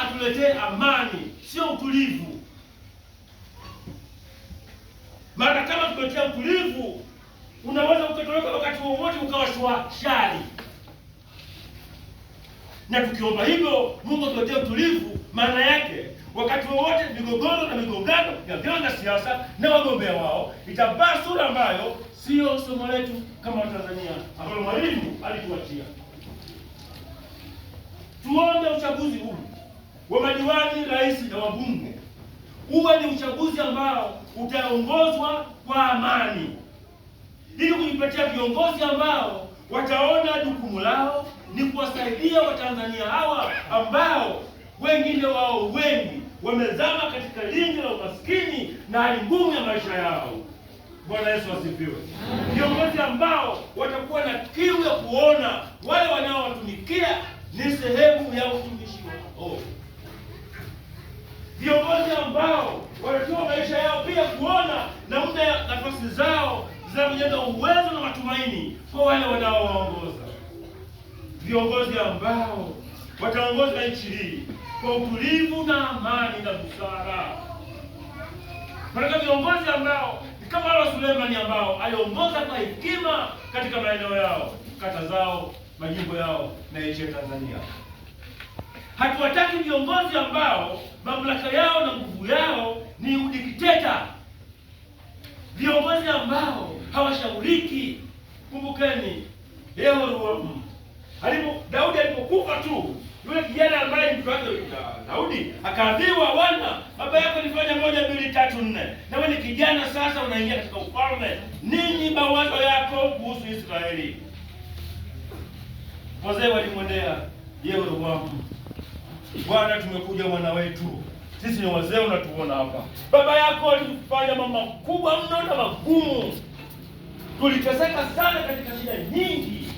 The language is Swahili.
atuletee amani, sio utulivu. Maana kama tumetia utulivu, unaweza ukatoroka wakati wowote ukawashwa shari. Na tukiomba hivyo Mungu atuletee utulivu, maana yake wakati wowote migogoro na migongano ya vyama vya siasa na wagombea wao itavaa sura ambayo sio somo letu kama Watanzania ambayo mwalimu alituachia. Tuombe uchaguzi huu wa madiwani, rais na wabunge uwe ni uchaguzi ambao utaongozwa kwa amani, ili kujipatia viongozi ambao wataona jukumu lao ni kuwasaidia Watanzania hawa ambao wengine wao wengi wamezama katika lingi la umaskini na hali ngumu ya maisha yao. Bwana Yesu asifiwe. Viongozi ambao watakuwa na kiu ya kuona wale wanaowatumikia ni sehemu ya utumishi ambao wanatoa maisha yao pia kuona namna nafasi zao zinajenga uwezo na matumaini kwa wale wanaowaongoza, viongozi ambao wataongoza nchi hii kwa utulivu na amani na busara. Wanataka viongozi ambao ni kama wale Sulemani ambao aliongoza kwa hekima katika maeneo yao, kata zao, majimbo yao na nchi ya Tanzania. Hatuwataki viongozi ambao mamlaka yao na nguvu yao ni udikteta, viongozi ambao hawashauriki. Kumbukeni Rehoboamu alipo Daudi alipokufa tu, yule kijana ambaye mtu wake Daudi akaambiwa, wana baba yako alifanya moja mbili tatu nne, nawe ni kijana sasa unaingia katika ufalme, nini mawazo yako kuhusu Israeli? Wazee walimwendea Yeroboamu Bwana, tumekuja mwana wetu, sisi ni wazee, unatuona hapa. Baba yako alifanya mambo makubwa mno na magumu, tuliteseka sana katika shida nyingi